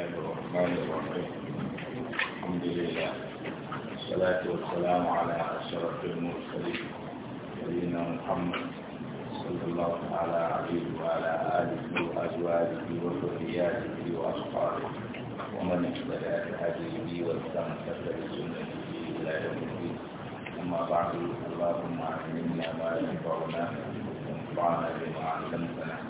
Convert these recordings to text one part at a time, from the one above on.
الله الرحمن الرحيم الحمد لله والصلاة والسلام على أشرف المرسلين سيدنا محمد صلى الله تعالى عليه وعلى آله وأزواجه وذرياته وأصحابه ومن اهتدى بهديه واستمسك بسنته إلى يوم الدين أما بعد اللهم علمنا ما ينفعنا وانفعنا بما علمتنا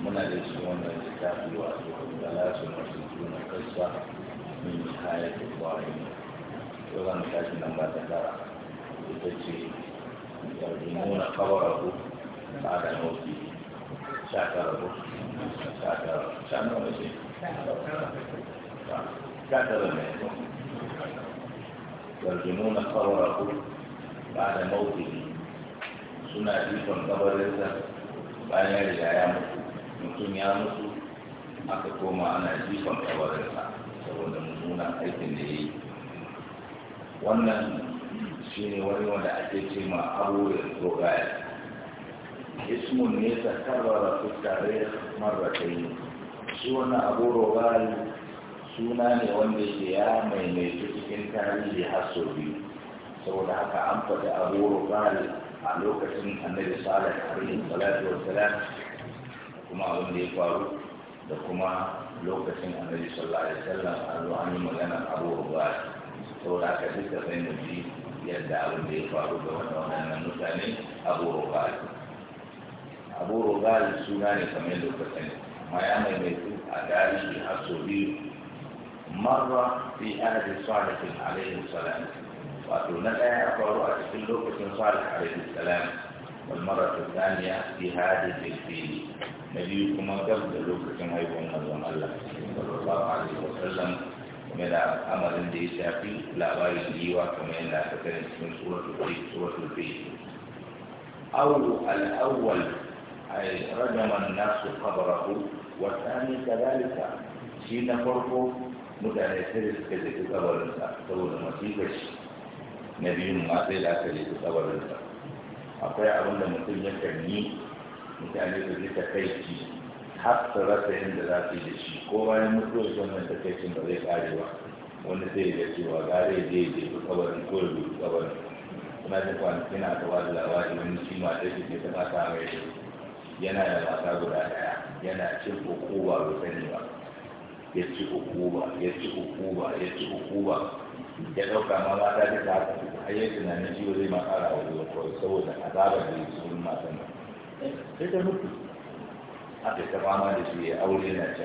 muna da shi wannan littafi da kwayoyi yau za mu tashi nan ba ta tara ita ce yarjumuna kawarahu ba da nauki sha tara ba da mawuyi suna jikon kabarinsa bayan riga ya mutu mutum ya mutu aka koma ana jifan kabarinsa saboda mummuna aikin da ya yi wannan shi ne wani wanda ake ce ma da rogaya ismun ne ta karrara fuskare marrakai shi wannan abu rogaya suna ne wanda ya maimaitu cikin tarihi har sau biyu saboda haka an faɗi abu rufari a lokacin annabi salih alaihi salatu wa salam kuma abin da ya faru da kuma lokacin annabi sallallahu alaihi wasallam an zo an yi magana abu rufari saboda haka duka sai mu ji yadda abin da ya faru da wannan mutane a abu a abu rufari suna ne kamar yadda kuka sani ma ya maimaitu a gari shi har sau biyu مرة في أهل صالح عليه الصلاة والسلام وأتمنى أقرأ رؤى كلكم اسم صالح عليه السلام والمرة الثانية في هذه الفيل نبيكم قبل لكم أيضا نظم الله صلى الله عليه وسلم ومن أمر ذي شافي لا غير ليوا كما إن أتكلم من سورة الفيل سورة الفيل أو الأول أي رجم الناس قبره والثاني كذلك شين فرقه متى يسير كذلك قبر الإنسان تقول na biyun ma sai da aka lisa tsabarin sa akwai abin da mutum ya yi mutane su ji takaici har su rasa yadda za su yi da shi ko bayan mutuwar wannan takaicin ba zai kare ba wanda sai da cewa gare zai je ya je ko da je tsabarin kuma da kwanaki na ta wani labari wani shi ma da shi ta kasa mai shi yana da mata guda daya yana cin ukuba bai sani ba ya ci ukuba ya ci ukuba ya ci ukuba ya ɗauka ma mata ta ta haka a yi tunanin ciwo zai ma ƙara wa zuwa kawai saboda azabar da yake wurin matan nan sai ta mutu aka ta fama da shi ya aure na ci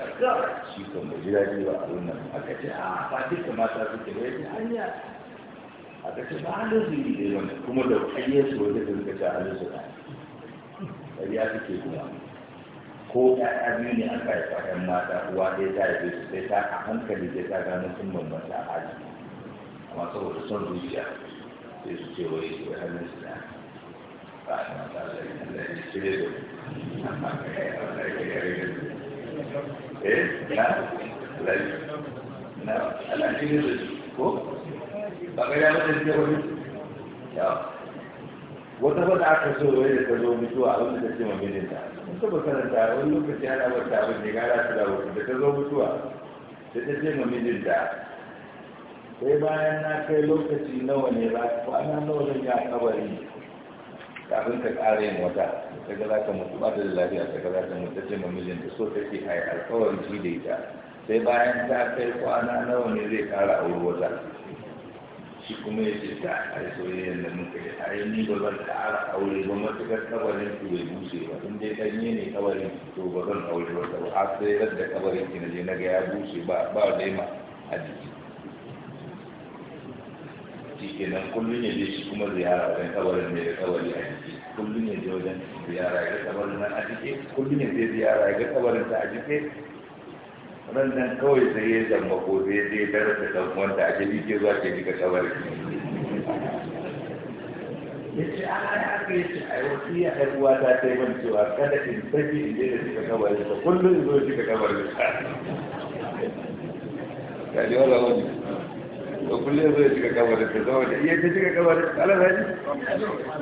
shi kan bai jira ji ba a wannan aka ce a ah, ba duka mata suke bai ta hanya aka ce ba halin su yi da yawan kuma da kayyar su wajen da suka ci halin su ɗaya ƙarya suke kuma ko ɗaya biyu ne an ka haifa ɗan mata uwa ɗaya ta haife su sai ta a hankali sai ta gano sun bambanta a hali amma saboda son zuciya sai su ce wai wai hannun su da ba a mata Allah ya Allah ya cire da amma ka yi Allah eh? ya yi rage eh na Allah na Allah ya cire da ko ba ka yi Allah ya cire wani yawa wata ba aka so wai da ta zo mutuwa abin da ce ma mijinta mun taba karanta wani lokaci ana wata abin da gara ta dawo da ta zo mutuwa da ta ce ma mijinta sai bayan na kai lokaci nawa ne ba kwana nawa zan ya kabari kafin ta ƙara yin wata ta ga za mutu ba da lafiya ta ga za ka mutu ce mamilin da so take a yi alkawarin shi da ita sai bayan ta kai kwana nawa ne zai ƙara a wata shi kuma ya ce ta a yi soyayyar da muka yi a yi ni ba zan ƙara aure ba matuƙar kabarin su bai bushe ba in dai yi ne kabarin to ba zan aure wata ba a sai da kabarin ki na je na ga ya bushe ba ba da ma a jiki shi kenan kullum ya je shi kuma ziyara wajen kabarin mai da kabari a jiki kullum ya je wajen ziyara ya ga kabarin nan a jiki kullum ya je ziyara ya ga kabarin ta a jiki ran nan kawai sai ya zamba ko zai je darasa dan wanda a jiki ke zuwa ke jika kabarin ya ce a haka ya ce a wasu ya ɗan uwa ta ta yi cewa kada in sake in je da jika kabarin ta, kullum in zo jika kabarin sa. Kali wala wani. to kullum zai shiga kabarin ta zama da iya ta shiga kabarin ta ala zai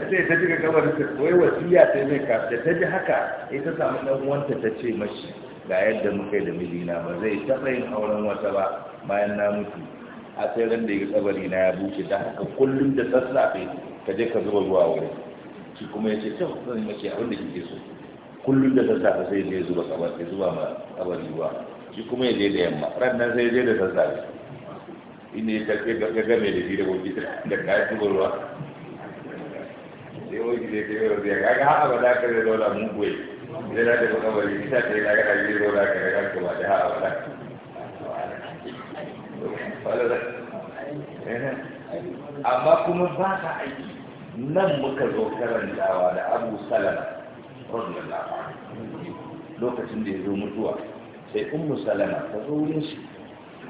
sai ta shiga kabarin ta koyi wasiya ta mai ka da ta ji haka ita samu dan uwanta ta ce mashi ga yadda muka yi da mijina ba zai taɓa yin auren wata ba bayan na mutu a sai ran da ya kabari na ya buke. da haka kullum da sassafe ka je ka zuba ruwa wuri shi kuma ya ce kyau zan yi maki abin da kike so kullum da sassafe sai ya zuba kabar zuba ma kabari ruwa shi kuma ya je da yamma ran nan sai ya je da sassafe in'i ya karfe ga game da shi da wanki da kayan tubarwa sai wanki da ta yi wa zai kaga ha'a ba za ka zai zauna mun goyi idan na tafi kamari ita ta yi na gana zai zauna ka gana ka ba da ha'a ba za amma kuma ba ka aiki nan muka zo karantawa da abu salama radiyallahu anhu lokacin da ya zo mutuwa sai ummu salama ta zo wurin shi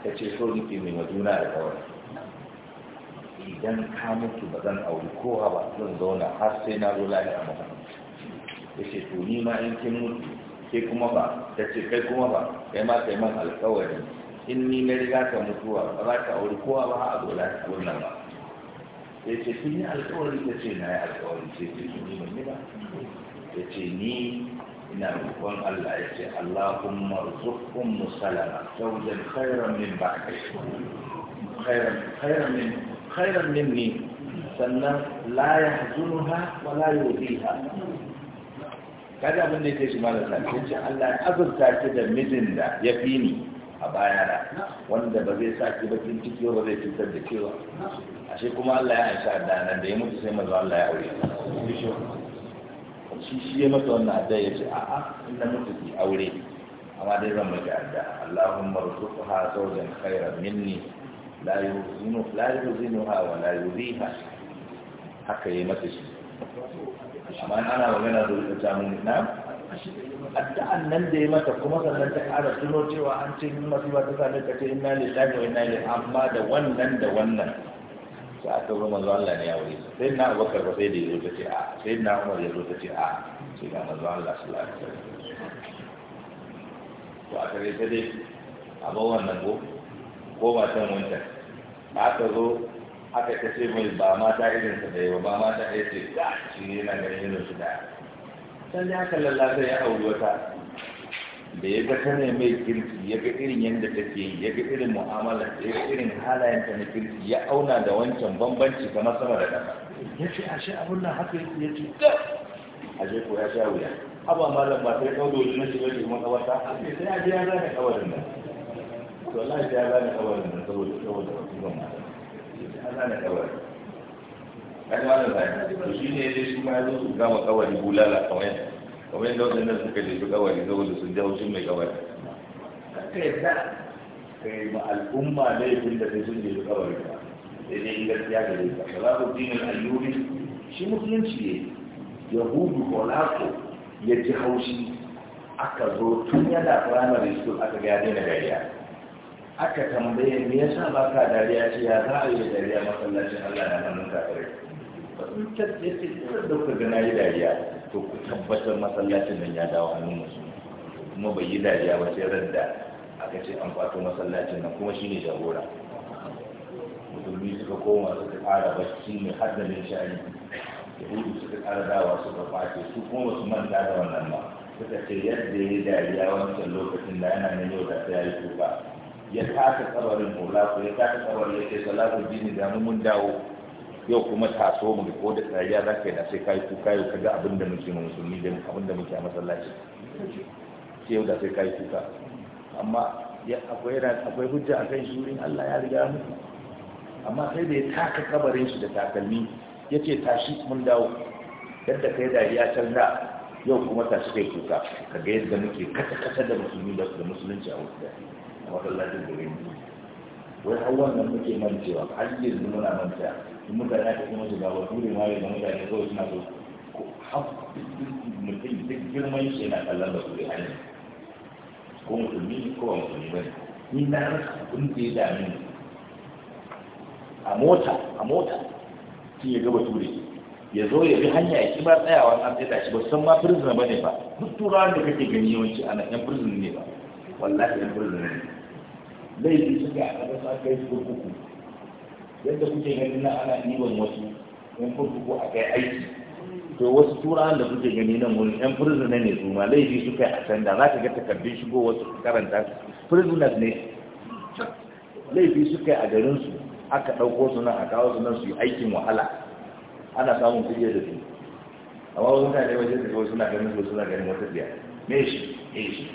ta ce so nake mai majuna da kawai idan ka mutu ba zan auri kowa ba zan zauna har sai na zo lafiya maka ya ce to ni ma in kin mutu ke kuma ba ta ce kai kuma ba kai ma kai man alkawari in ni na riga ka mutuwa ba za ka auri kowa ba a zo lafiya wannan ba ya ce kin yi alkawari ta ce na yi alkawari sai ce ni yi ba ya ce ni ina roƙon Allah ya ce Allahumma rzuqhum musalama zawjan khairan min ba'di khairan khairan min khairan minni sannan la ya yahzunuha wa la yudiha kada abin da yake shi malam sai ce Allah ya azurta ki da mijin da ya fi ni a bayana wanda ba zai sa ki bakin ciki ba zai cutar da kewa ashe kuma Allah ya aisha da nan da ya mutu sai mazo Allah ya aure shi shi ya masa wannan adda ya ce a'a in na mutu ki aure amma dai zan maka adda Allahumma rzuqha zawjan khairan minni la yuzinu la ha wa la yuziha haka yayi masa shi amma ana magana da ta mun na addu'an nan da ya mata kuma sannan ta ƙara tuno cewa an ce min masu ba ta same ta ce inna lillahi wa inna ilaihi amma da wannan da wannan sai aka zo manzo Allah ne ya wuri sai na Abubakar ba sai da yazo tace a sai na Umar yazo tace a sai ga manzo Allah sallallahu alaihi wasallam to aka dai ta dai abin wannan ko ko ba san wancan aka zo aka kace mai ba mata irin sa da yawa ba mata ɗaya ce ga shi yana ganin irin su da can da aka lallata ya auri wata da ya ga tana mai kirki ya ga irin yadda take yi ya ga irin mu'amala ya ga irin halayenta na kirki ya auna da wancan bambanci kamar sama da ƙasa ya ce a shi abin nan haka ya ce da a je ko ya sha wuya haba malam ba sai kawo dole na shiga shi kuma kawarta sai a je ya zane kawarin nan to Allah ya zane kawarin nan saboda saboda wasu ban malam ya zane kawarin kan malam ba shi ne ya je shi ma ya zo su gama kawarin bulala kawai kamar yadda waɗannan suka jefi kawari saboda sun ji haushin mai kawari ka yadda ka yi ma al'umma laifin da sai sun jefi kawari ba sai dai in gaskiya ga dai ba za ku dinin ayyuri shi musulunci ne yahudu holako ya ji haushi aka zo tun yana primary school aka ga daina gariya aka tambaye me yasa ba ka dariya ce ya za a yi dariya masallacin Allah na hannun kafirai ba sun tattace da kuka ga na yi dariya to ku tabbatar masallacin nan ya dawo hannun musulmi kuma bai yi dariya ba sai radda aka ce an fato masallacin nan kuma shine jagora musulmi suka koma suka fara bacci mai haddarin shari yahudu suka kara dawa suka fashe su kuma su manta da wannan ba suka ce yadda ya yi dariya wancan lokacin da yana nan yau da ta yi kuka ya kasa tsabarin mola ko ya kasa tsabarin ya ce salatu jini da mun dawo yau kuma taso mu ko da tsariya za ka yi da sai ka yi kuka yau ka ga abin da muke ma musulmi da abin da muke a masallaci sai yau da sai ka yi kuka amma akwai hujja a kan shurin Allah ya riga mu amma sai da ya taka kabarin shi da takalmi ya ce tashi mun dawo yadda kai da ya canza yau kuma tashi kai kuka ka ga yadda muke kasa kasa da musulmi da musulunci a wasu a masallacin da rinji wai hawan nan muke mancewa har yanzu muna mancewa in da aka kuma shiga ba dole ma ya muka mutane kawai suna so mutum duk girman shi yana kallon da a hanyar ko musulmi ko ba musulmi ba ni na rasa abin da ya dami a mota a mota shi ya gaba bature ya zo ya bi hanya ya ki ba tsayawa an tsaye shi ba san ma firzin ba ne ba duk turawan da kake gani yawanci ana yan prisoner ne ba wallahi yan prisoner ne yi suka a ƙasa kai su kuku. yadda kuke gani nan ana ɗiban wasu yan kurkuku a kai aiki to wasu tura da kuke gani nan wani yan prisoner ne su ma laifi su kai a sanda za ka ga takardun shigo wasu karanta prisoners ne laifi su kai a garin su aka ɗauko su nan a kawo su nan su yi aikin wahala ana samun kuɗi da su amma wasu mutane wajen da kawai suna ganin su suna ganin wata biya me shi me shi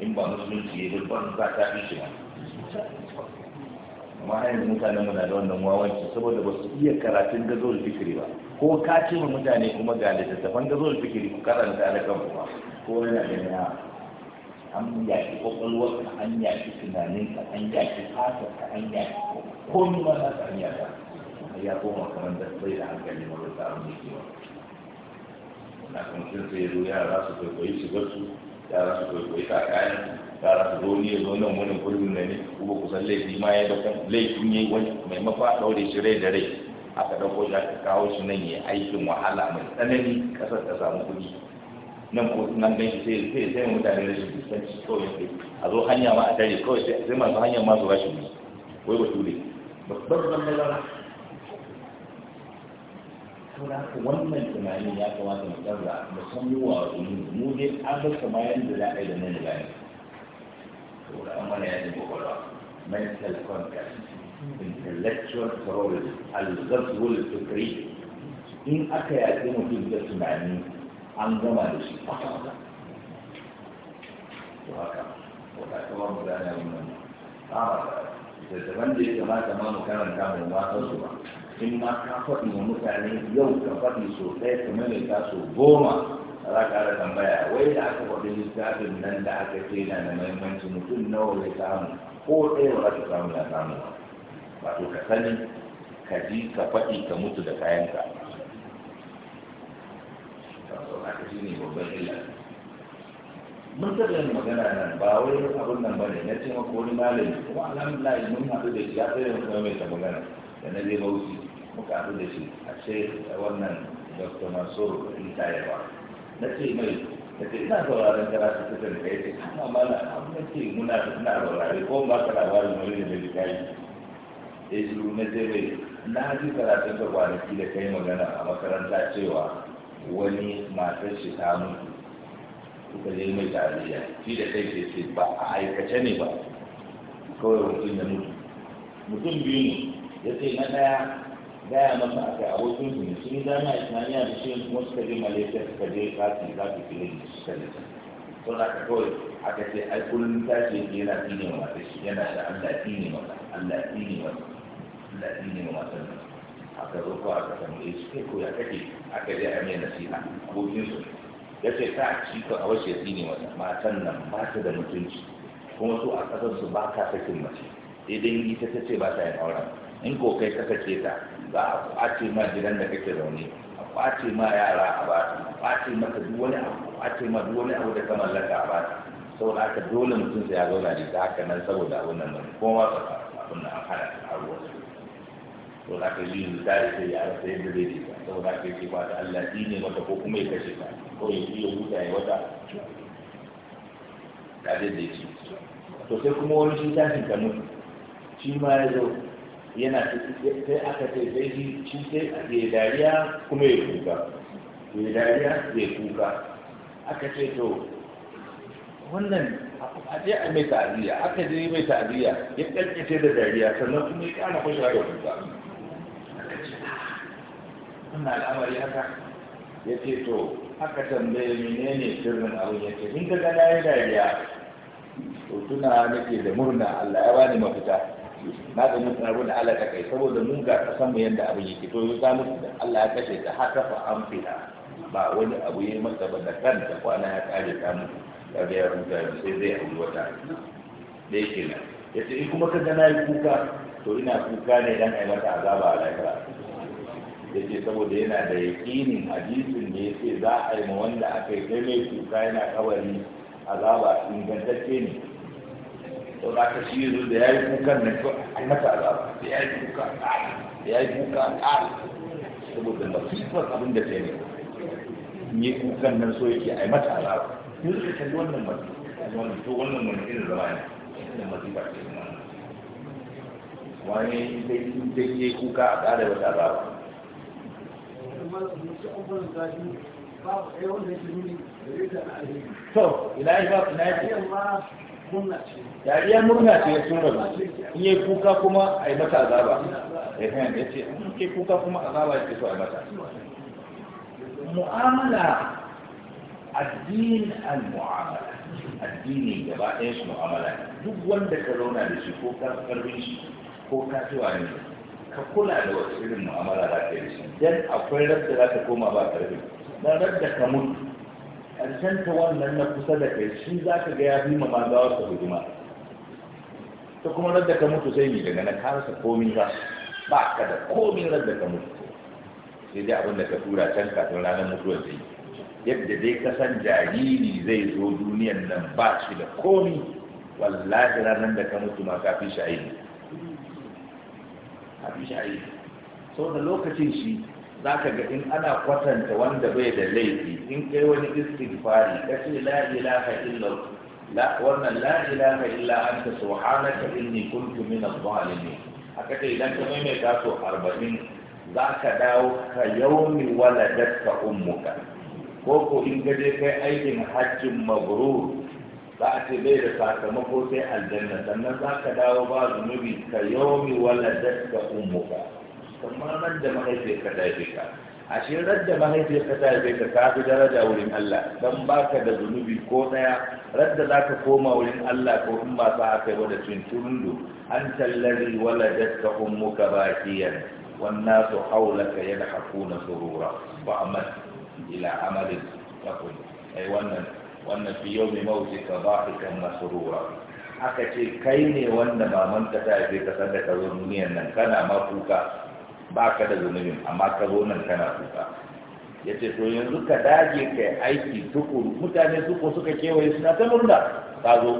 in ba musulunci ya yi ban za ta fi shi ba amma ana yanzu mutanen muna da wannan wawanci saboda ba su iya karatun gazo da fikiri ba ko ka ce ma mutane kuma ga littattafan gazo da fikiri ku karanta da kanku ba ko yana da ya an yaki ka an yaki tunaninka an yaki ka an yaki komi ma za ka ba? A ya koma kamar da bai da hankali ma tsarin samu ne ba na kamar sun sai yara su koyi shigar su yara su kwaikwayi kakani yara su zoni ya zo nan wani gurbin na ne kuma kusan laifi ma ya bakan laifin ya yi wani maimakon a ɗaure shi rai da rai aka ɗauko shi aka kawo shi nan ya aikin wahala mai tsanani ƙasar ta samu kuɗi nan ko nan ganshi shi sai sai sai mutane rashin shi kawai sai a zo hanya ma a tare kawai sai masu hanyar ma su rashin wai bature babbar zama to wannan tunani ya kamata mu ɗaura mu san mu wa mu mu dai an rasa bayan da za a yi da nan gani to da an mana ya ji kwakwalwa mental contact intellectual terrorism al-ghazwul fikri in aka yaƙi mutum da tunani an gama da shi kwata-kwata to haka wata kama mu gane wannan tsara da daban da ya kamata ma mu karanta mu ba san su ba in ma ka faɗi wa mutane yau ka faɗi so ɗaya ka ta so goma za ka ara tambaya wai da aka faɗi littafin nan da aka ce na da mahimmanci mutum nawa ya samu ko ɗaya ba ka samu ya samu ba wato ka sani ka ji ka faɗi ka mutu da kayanka haka ne babban mun taɓa yin magana nan ba wai abin nan ba ne na ce maka wani malami kuma alhamdulillah mun haɗu da shi ya tsaye da kuma mai ta magana da na zai wuce. muka haɗu da shi a ce wannan dr mansur in tayewa na ce mai da ke ina sauraron kara su ta da ya ce amma abin da ke muna ina saurare ko ba ka labarin wani da bai kai ya shiru na ce mai na ji karatun da kwanaki da kai magana a makaranta cewa wani matar shi ta mutu kuka je mai tarayya shi da kai ce ba a aikace ne ba kawai mutum da mutu mutum biyu ne ya ce na ɗaya gaya masa a kai abokin su ne sun zama islamiyya da shi kuma suka je malaysia suka je kati za su fi da su kalli to da kawai aka ce ai kullum ce ke yana tine ma matar shi yana da allah tine ma allah tine masa allah tine wa matar nan ka zo ko ka samu ya shi kai ko ya kake aka je a mai nasiha abokin su ya ce ta ci ko a wasu ya tine ma matan nan ba ta da mutunci kuma su a ƙasar su ba ka sakin mace idan ita ta ce ba ta yin auren in ko kai ka kace ta za a ce ma gidan da kake zaune a ce ma yara a ba a kwace maka duk wani abu a ce ma duk wani abu da ka mallaka a ba saboda haka dole mutum sai ya zauna da ita haka nan saboda abin nan mai kuma fara abun nan a hana a ruwa da ka yi misali sai ya rasa yadda zai yi ta saboda haka yake ba ta Allah ne mata ko kuma ya kashe ta ko ya yi huta ya wata da zai da ce to sai kuma wani shi tashin ta mutu shi ma ya zo yana sai aka ce zai yi cike sai ya dariya kuma ya kuka ya dariya ya kuka aka ce to wannan a je a mai ta'aziyya aka je mai ta'aziyya ya kankace da dariya sannan kuma ya kana fashewa da kuka aka ce ah, wannan al'amari haka ya ce to aka tambaye menene sirrin abin ya ce in ka ga na yi dariya to tuna nake da murna Allah ya bani mafita maganin tsaro da Allah ta kai saboda mun ga kasan mu yanda abin yake to ya samu da Allah ya kashe ta haka fa an fita ba wani abu ya masa ba da kanta kwana ya kare ta mu ya ga ya rubuta sai zai auri wata da yake nan yace in kuma ka ga na yi kuka to ina kuka ne dan ai mata azaba a lafiya yace saboda yana da yakinin hadisin ne yace za a yi ma wanda aka yi kai mai kuka yana kawari azaba ingantacce ne sau da aka shi yanzu da ya yi kukan na kyau a mata da ya yi kukan da ya yi kuka ƙari saboda abin da ta yi ne kukan nan so yake a mata azaba yanzu ka kalli wannan masu wannan to wannan wani irin zama ne wannan masifa ce wani dai yi kuka a ƙara wata azaba to ila ya ba ina dariya murna ce sun rabu in yi kuka kuma a yi mata azaba ya kan ya ce yi kuka kuma azaba ya ce so a mata mu'amala addini al-mu'amala addini gaba ɗaya su mu'amala duk wanda ka zauna da shi ko ka karbi shi ko ka wa ne ka kula da wasu irin mu'amala za ka yi shi dan akwai rabda za ka koma ba karfi dan rabda ka mutu ƙarshen ta wannan na kusa da kai shi za ka ga ya fi ma magawa ka hujuma ta kuma radda ka mutu sai ni daga na kansa komi ba ba ka da komi radda ka mutu sai dai abin da ka tura can kafin ranar mutuwar zai yadda dai ka san jariri zai zo duniyan nan ba shi da komi wallahi ranar da ka mutu ma kafin sha'ili kafin sau da lokacin shi za ka ga in ana kwatanta wanda bai da laifi in kai wani istighfari ka ce la ilaha illa la wannan la ilaha illa anta subhanaka inni kuntu min adh-dhalimin aka ce idan ka maimaita so 40 za ka dawo ka yaumi waladatka ummuka ko ko in ka je kai aikin hajjin mabrur za a ce bai da sakamako sai aljanna sannan za ka dawo ba zunubi ka yaumi waladatka ummuka kamar ran da mahaifiyarka ta haife ka ashe ran da mahaifiyarka ta haife ka ta fi daraja wurin Allah dan baka da zunubi ko daya ran da ka koma wurin Allah ko in ba sa aka yi wada tunturundu an tallari waladatka ummuka bakiyan wan nasu hawlaka na surura wa amal ila amalin takun ai wannan wannan fi ba mawtika dhahikan masrura aka ce kai ne wanda mamanka ta haife ka sanda ka zo duniyan nan kana ma kuka ba ka da zunubin amma ka zo nan kana kuka ya ce to yanzu ka dage ka aiki tukuru mutane suko suka kewaye suna ta murna ka zo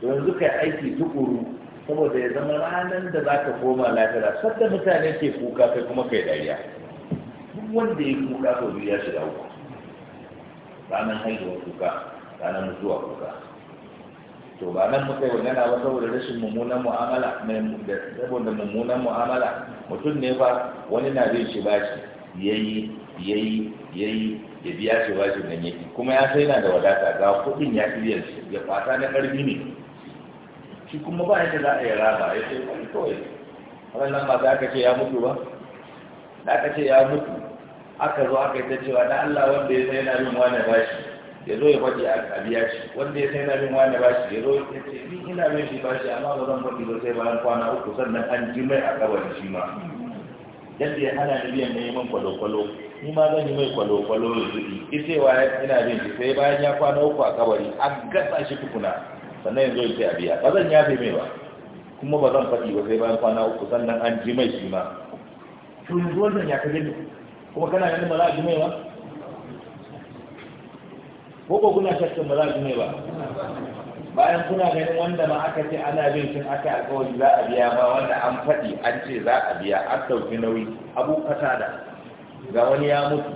to yanzu ka aiki tukuru saboda ya zama ranar da za ka koma lafiya sadda mutane ke kuka kai kuma kai dariya duk wanda ya kuka to ya shiga uku ranar haihuwar kuka ranar mutuwa kuka to ba nan muka yi magana ba saboda rashin mummunan mu'amala saboda mummunan mu'amala mutum ne ba wani na bin shi bashi yayi yayi yayi ya biya shi bashi nan yake kuma ya sai na da wadata ga kuɗin ya kiriyar shi ya fata na ƙarfi ne shi kuma ba yadda za a yi raba ya ce wani kawai wannan ba za ka ce ya mutu ba za aka ce ya mutu aka zo aka yi ta cewa na Allah wanda ya sai na bin wani bashi ya zo ya faɗi a biya shi wanda ya sai na bin wani ba shi ya zo ya ce ni ina bin shi ba shi amma ba zan faɗi ba sai bayan kwana uku sannan an ji mai a kabari shi ma yadda ya hana ni biyan neman kwalo-kwalo ni ma zan yi mai kwalo-kwalo ya zuɗi isewa ina bin shi sai bayan ya kwana uku a kabari ya a biya ba ko ko kuna shakkin ba za su ne ba bayan kuna ganin wanda ma aka ce ana bin shin aka alkawari za a biya ba wanda an faɗi an ce za a biya an ɗauki nauyi abu da ga wani ya mutu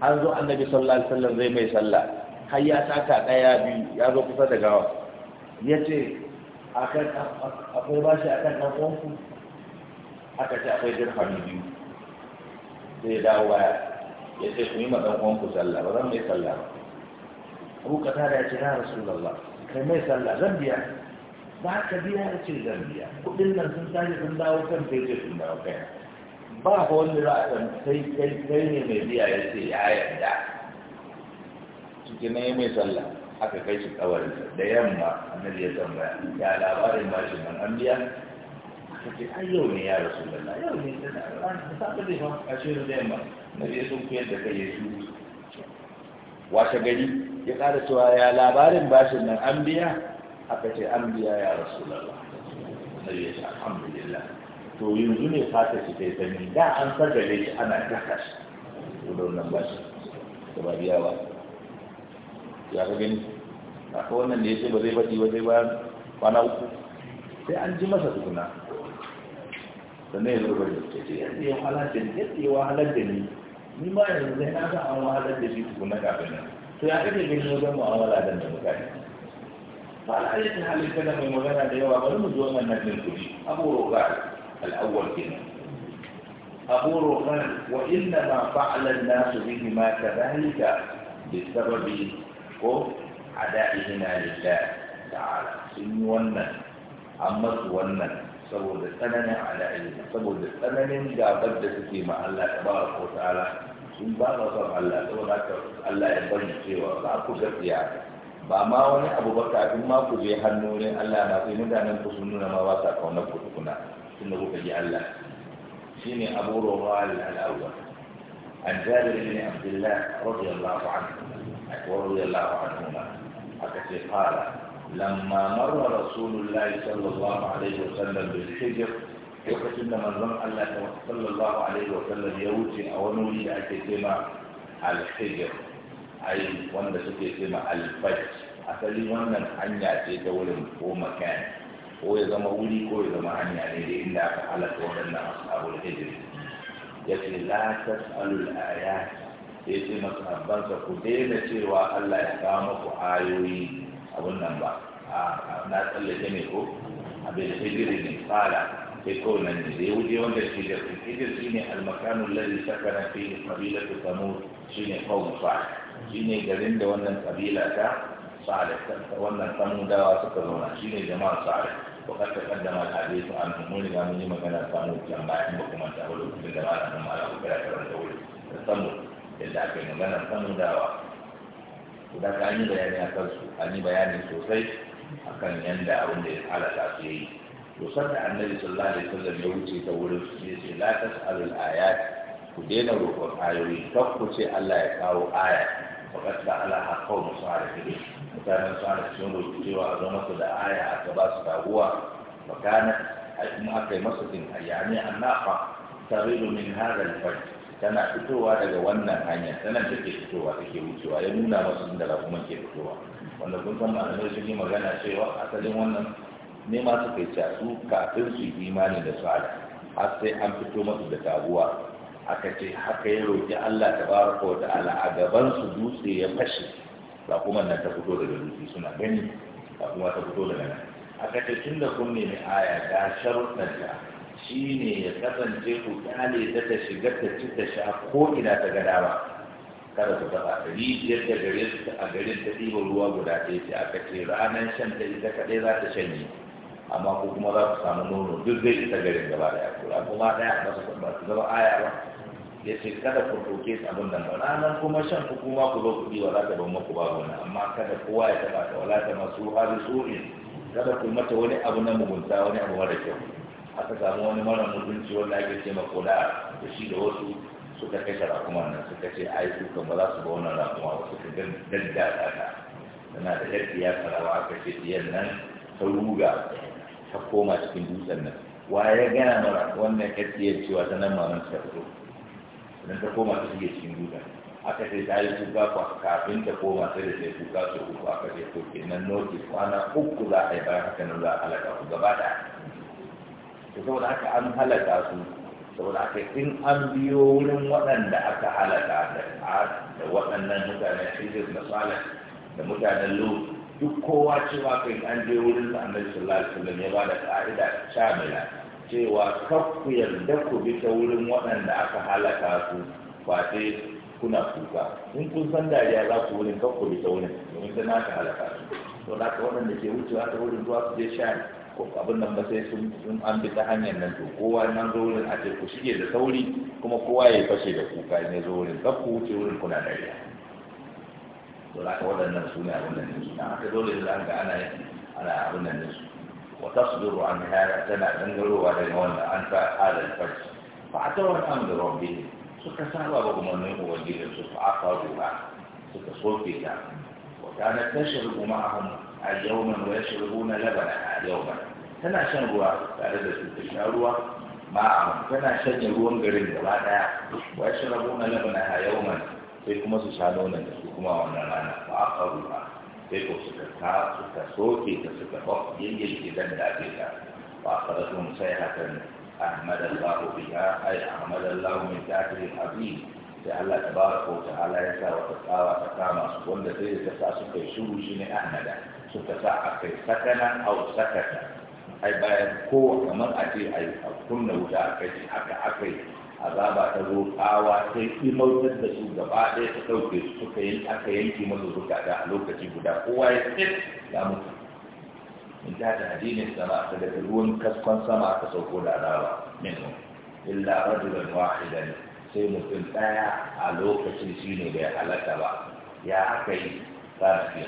an zo annabi sallallahu alaihi wasallam zai mai sallah har ya saka ɗaya biyu ya zo kusa da gawa ya ce akwai bashi a kan ɗan aka ce akwai dirhami biyu sai ya dawo baya ya ce ku yi ma ɗan uwanku sallah ba zan mai sallah ba abu kata da ya ce ya rasulallah kai mai sallah zan biya ba ka biya ya ce zan biya kudin nan sun tashi sun dawo kan sai ce sun dawo kai ba ka wanda za a san sai kai ne mai biya ya ce ya yarda cikin na yi mai sallah aka kai shi kawai da yamma annabi ya tambaya ya labarin bashin nan an biya kace ai yau ne ya rasu da yau ne da ta da ta a ce da yamma na biya sun kuyar da kai ya shi washe gari ya ƙara cewa ya labarin bashin nan an biya aka ce an biya ya rasu lalla sai ya ce alhamdulillah to yanzu ne fata shi kai sani da an sagale shi ana daka shi gudun nan bashi da ba biya ba ya ka gani a wannan da ya ce ba zai faɗi ba zai ba kwana uku sai an ji masa tukuna sannan ya zo ba da ce yanzu ya wahalar da ni ni ma yanzu sai na ga an wahalar da shi na kafin nan to ya kake gani wajen mu'amala da da mutane ba a yi ta halitta da mai magana da yawa bari mu zo nan na jin kuɗi abu rogar al'awwal kenan abu wa inna ma fa'alan nasu bihi ma kadhalika bi sababi ko ada'ihina da ta'ala sun yi wannan an masu wannan saboda tsananin ala'ayyuka saboda tsananin gabar da suke ma Allah ta ba ko ta'ala sun ba ba son Allah saboda haka Allah ya bari cewa ba ku gaskiya ba ma wani abu ba kafin ma ku je hannu ne Allah na sai mutanen ku sun nuna ma ba sa kaunar ku tukuna tunda kuka ji Allah shine Abu Rawal al-Awwal an Jabir ibn Abdullah radiyallahu anhu ورضي الله عنهما أكثر fara. لما مر رسول الله صلى الله عليه وسلم بالحجر lokacin da manzon Allah sallallahu alaihi wa sallam ya wuce a wani wuri da ake cema al-hijr ai wanda suke cema al-fajr asali wannan hanya ce ta wurin ko makan ko ya zama wuri ko ya zama hanya ne da inda aka halatta waɗannan ashabul hijr ya ce la tas'alul ayat ya ce masu masahabbansa ku daina cewa Allah ya kawo muku ayoyi abun nan ba na tsallake ne ko abin hijiri ne fara sai kawai nan ne da ya wuce wanda hijir hijir shi ne almakanun lalli sakana fi kabila ta samu shi ne kawun fara shi ne garin da wannan kabila ta sa'ada wannan samun dawa suka zauna shi ne jama'a sa'ada وقد تقدم الحديث عن أمور الأمن مكان الصمود لما يحبكم أن تقولوا كل ما لكم على وكالة الرسول الصمود إلا في مكان الصمود da ka yi bayani a kansu an yi bayani sosai a kan yadda abin da ya halata su yi to sanda annabi sallallahu alaihi wasallam ya wuce ta wurin su ne ce la tas'alul ayat ku daina roƙon ayoyi kan ku ce Allah ya kawo aya kawo ta'ala haqqu musarifi mutanen sa'ada sun roƙi cewa a zama su da aya aka ba su taguwa makana kuma aka yi masa din ayyami annafa taridu min hadal fajr tana fitowa daga wannan hanya tana take fitowa take wucewa ya nuna masu inda kuma ke fitowa wanda kun san malamai sun yi magana cewa asalin wannan ne masu kai su kafin su imani da su har sai an fito masu da taguwa aka ce haka ya roƙi Allah ta baraka wa ta'ala a gaban su dutse ya fashe ba kuma nan ta fito daga dutse suna gani ba kuma ta fito daga nan aka ce tun da kun nemi aya ga sharuɗan Shi ne ya kasance ku kyale ta ta shiga ta ci ta sha ko ina ta gada ba kada ku taba rijiyar da gare su a garin ta ɗiba ruwa guda ɗaya ce aka ce ranar shan ta ita kaɗai za ta shanye amma ko kuma za ku samu nono duk zai isa garin gaba da kura kuma ɗaya ba su ba su zama aya ba ya ce kada ku ɗauke su abin nan ba ranar kuma shan ku kuma ku zo ku ɗiba za ta ban muku ba wani amma kada kowa ya taɓa ta wala ta masu har su'in kada ku mata wani abu na mugunta wani abu mara kyau aka samu wani mara mutunci wanda ake ce ma koda da shi da wasu suka kashe rakuma nan suka ce ai su kan ba za su ba wannan rakuma ba suka daddada ta tana da yadda karawa aka ce diyan nan ta ruga ta koma cikin dutsen nan wa ya gana mara wannan yadda cewa ta nan maman ta fito idan ta koma ta shige cikin dutsen aka ce ta yi kuka kafin ta koma sai da sai kuka su uku aka ce to kenan noti kwana uku za a yi bayan haka nan za a halaka ku gaba ɗaya da saboda haka an halaka su saboda haka in an biyo wurin waɗanda aka halaka da waɗannan mutanen idris da da mutanen lo duk kowa cewa kai an je wurin da annabi sallallahu alaihi wasallam ya bada ka'ida shamila cewa kar ku yarda ku bi ta wurin waɗanda aka halaka su ba sai kuna kuka in kun san dariya za ku wurin kar ku bi ta wurin domin sai na ka halaka su to da ka waɗanda ke wucewa ta wurin zuwa su je sha ko abin nan ba sai sun sun an bi ta hanyar nan to kowa nan zo wurin a ce ku shige da sauri kuma kowa ya fashe da kuka ne zo wurin kar ku wuce wurin kuna dariya to da ka waɗannan su ne abin nan ne su na haka dole da an ga ana ana abin nan ne su wa tasbiru an hada tana dangarowa daga wannan an ta halal fashi fa atawar amru rabbihim suka saba ba kuma umarnin ubangijinsu fa aqaruha suka soke ta كانت تشرب معهم اليوما ويشربون لبنها اليوما كنا عشان هو تعرض معهم كنا عشان يروون قريبا بعد ويشربون لبنها يوما في كم سيشالون في كم وانا انا فاقروا في كم سكتا سكتا صوتي سكتا فوق ينجل في دم العبيدة فاقرتهم سيحة أحمد الله بها أي أحمد الله من ذاته الحبيب sai Allah ta ba ko ta hala ya sa wata tsawa ta kama su wanda sai da ta sa suka yi shuru shi ne ahnada suka sa a kai sakana au sakata ai bayan ko kamar a ce ai a kunna wuta a kai haka aka yi azaba ta zo tsawa sai imautar da su gaba ɗaya ta ɗauke su suka yi aka yanke masu zukata a lokaci guda kowa ya tsit ya mutu in ta ta hadinin sama ta daga ruwan kaskon sama aka sauko da azaba min illa rajulan wahidan sai mutum ɗaya a lokacin shi ne bai halatta ba ya aka yi ta fi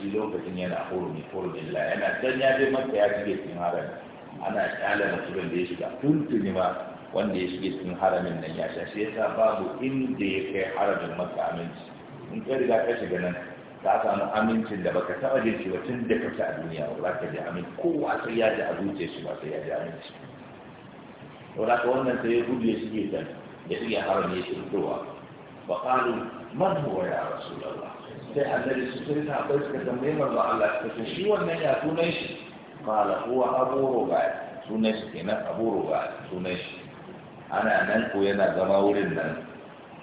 shi lokacin yana hurumi hurumillah yana can ya je maka ya shige cikin haramin ana kyale mutumin da ya shiga tuntuni ma wanda ya shige cikin haramin nan ya sha shi sa babu inda ya kai haramin maka aminci in ka riga ka shiga nan ka samu amincin da baka taɓa jin shi ba tun da ka a duniya ba ka ji aminci kowa sai ya ji a zuciyar shi ba sai ya ji aminci. Wadda ka wannan sai ya gudu ya shige can يسير حرم يشدوا وقالوا من هو يا رسول الله سأل الذي سكرنا قلت كتمرين الله على تشي ومن يأتونيش قال هو أبو رباع تونس هنا إيه، أبو رباع تونس أنا نلقو ينا زماور النم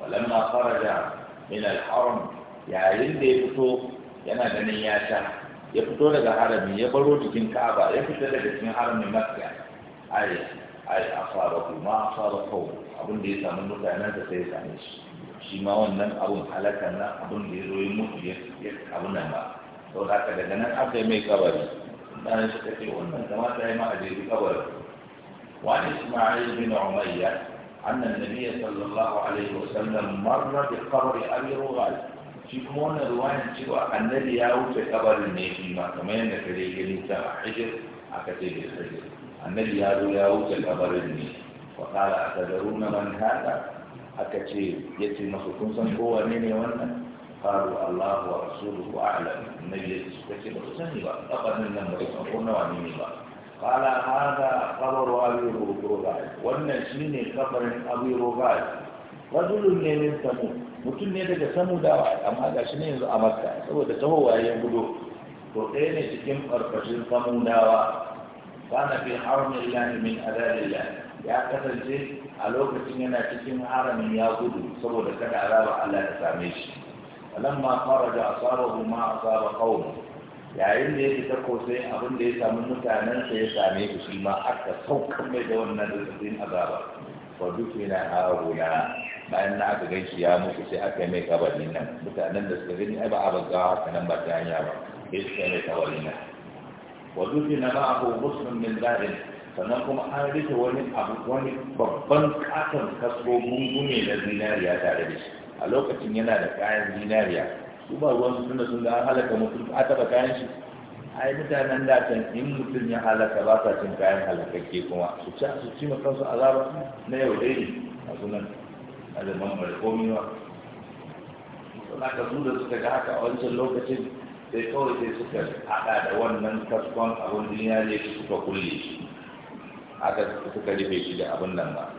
ولما خرج من الحرم يا يلدي يفتو ينا بنياتا يفتو لك حرمي يبرو تكين كعبة يفتو لك تكين حرمي مكة أي أي أصابه ما أصاب قومه abin da ya samu mutanen da sai same shi shi ma wannan abun halaka na abin da ya zo ya mutu ya abu nan ba sau da haka daga nan aka yi mai kabari ɗanin shi ta ce wannan kamata ya ma a jeji kabari wani ismail bin umayya أن النبي صلى الله عليه وسلم مر بقبر أبي رغال shi kuma wannan ruwayan cewa annabi ya wuce kabarin ne shi ma kamar yadda ka dai gani ta hijir aka ce da hijir annabi ya zo ya wuce kabarin ne وقال أتدرون من هذا أكتشي يتي مسكون سنقوة مني وانا قالوا الله ورسوله أعلم النبي يتي مسكون لقد من مسكون ومني قال هذا قبر أبي رباعي وانا شيني قبر أبي رباعي رجل من ثمود mutum ne daga samu dawa amma ga shi ne yanzu a makka saboda tahowa ya gudu to ɗaya ne cikin farfashin samu dawa kana fi harmin lani min adalillah ya kasance a lokacin yana cikin haramin ya gudu saboda kada azaba Allah ta same shi falamma faraja asabahu ma asaba qawm yayin da ya fita ko sai abin da ya samu mutanen sa ya same shi shi ma aka saukar mai da wannan rubutun azaba fa dukina haula bayan na aka gaishe ya mutu sai aka mai kabarin nan mutanen da suka gani ai ba a banza haka nan ba ta hanya ba sai suka mai kabarin nan wa dukina ma'ahu muslim min zalim sannan kuma an rike wani abu wani babban katon kasko gungune na zinariya tare da shi a lokacin yana da kayan zinariya su ba ruwan su tunda sun ga an halaka mutum a taba kayan shi ai mutanen da can in mutum ya halaka ba sa cin kayan halakakke kuma su ci su ci ma kansu azaba na yau dai a sunan azaman bari komi ba suna ka su da suka ga haka a wancan lokacin sai kawai sai suka haɗa da wannan kaskon abin zinariya suka kulle shi aka suka rufe shi da abin nan ba